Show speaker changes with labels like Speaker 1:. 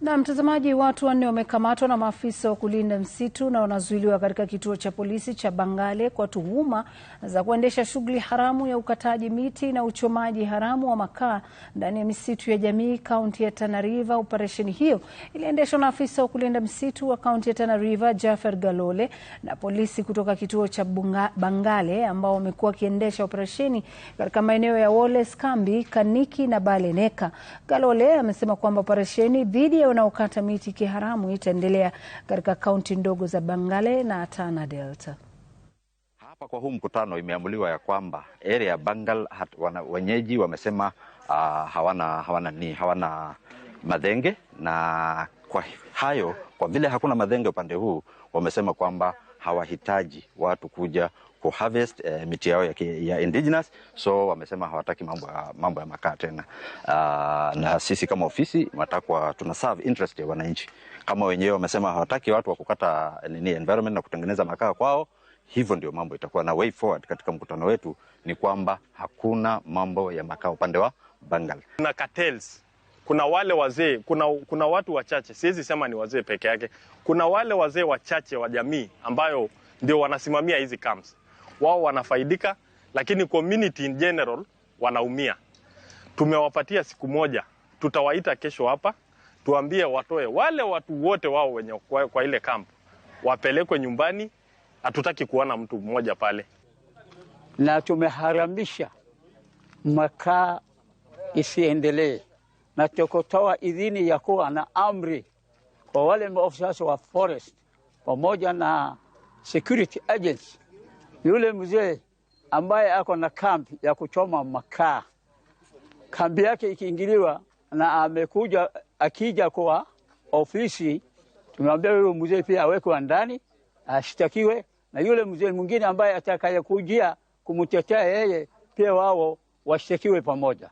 Speaker 1: Na mtazamaji, watu wanne wamekamatwa na maafisa wa kulinda msitu na wanazuiliwa katika kituo cha polisi cha Bangale kwa tuhuma za kuendesha shughuli haramu ya ukataji miti na uchomaji haramu wa makaa ndani ya misitu ya jamii kaunti ya Tana River. Operesheni hiyo iliendeshwa na afisa wa kulinda msitu wa kaunti ya Tana River Jaffer Galole na polisi kutoka kituo cha Bunga, Bangale ambao wamekuwa wakiendesha operesheni katika maeneo ya Woles Kambi, Kaniki na Baleneka. Galole amesema kwamba operesheni dhidi ya wanaokata miti kiharamu itaendelea katika kaunti ndogo za Bangale na Tana Delta.
Speaker 2: Hapa kwa huu mkutano imeamuliwa ya kwamba area ya Bangal wenyeji wamesema uh, hawana, hawana, ni, hawana madhenge na kwa hayo, kwa vile hakuna madhenge upande huu, wamesema kwamba hawahitaji watu kuja harvest eh, miti yao ya, ya indigenous so wamesema hawataki mambo ya, mambo ya makaa tena. Uh, na sisi kama ofisi matakwa tuna serve interest ya wananchi. Kama wenyewe wamesema hawataki watu wa kukata eh, nini environment na kutengeneza makaa kwao, hivyo ndio mambo itakuwa. Na way forward katika mkutano wetu ni kwamba hakuna mambo ya makaa upande wa Bangal.
Speaker 3: Kuna cartels, kuna wale wazee, kuna, kuna watu wachache, siwezi sema ni wazee peke yake, kuna wale wazee wachache wa jamii ambayo ndio wanasimamia hizi camps wao wanafaidika, lakini community in general wanaumia. Tumewapatia siku moja, tutawaita kesho hapa tuambie watoe wale watu wote wao wenye kwa, kwa ile kampu wapelekwe nyumbani. Hatutaki kuona mtu mmoja pale,
Speaker 4: na tumeharamisha makaa isiendelee, na tukotoa idhini ya kuwa na amri kwa wale maofisa wa forest pamoja na security agents yule mzee ambaye ako na kambi ya kuchoma makaa, kambi yake ikiingiliwa na amekuja akija kwa ofisi, tumeambia huyo mzee pia awekwe ndani ashtakiwe, na yule mzee mwingine ambaye atakayekujia kumtetea yeye pia wao washtakiwe pamoja.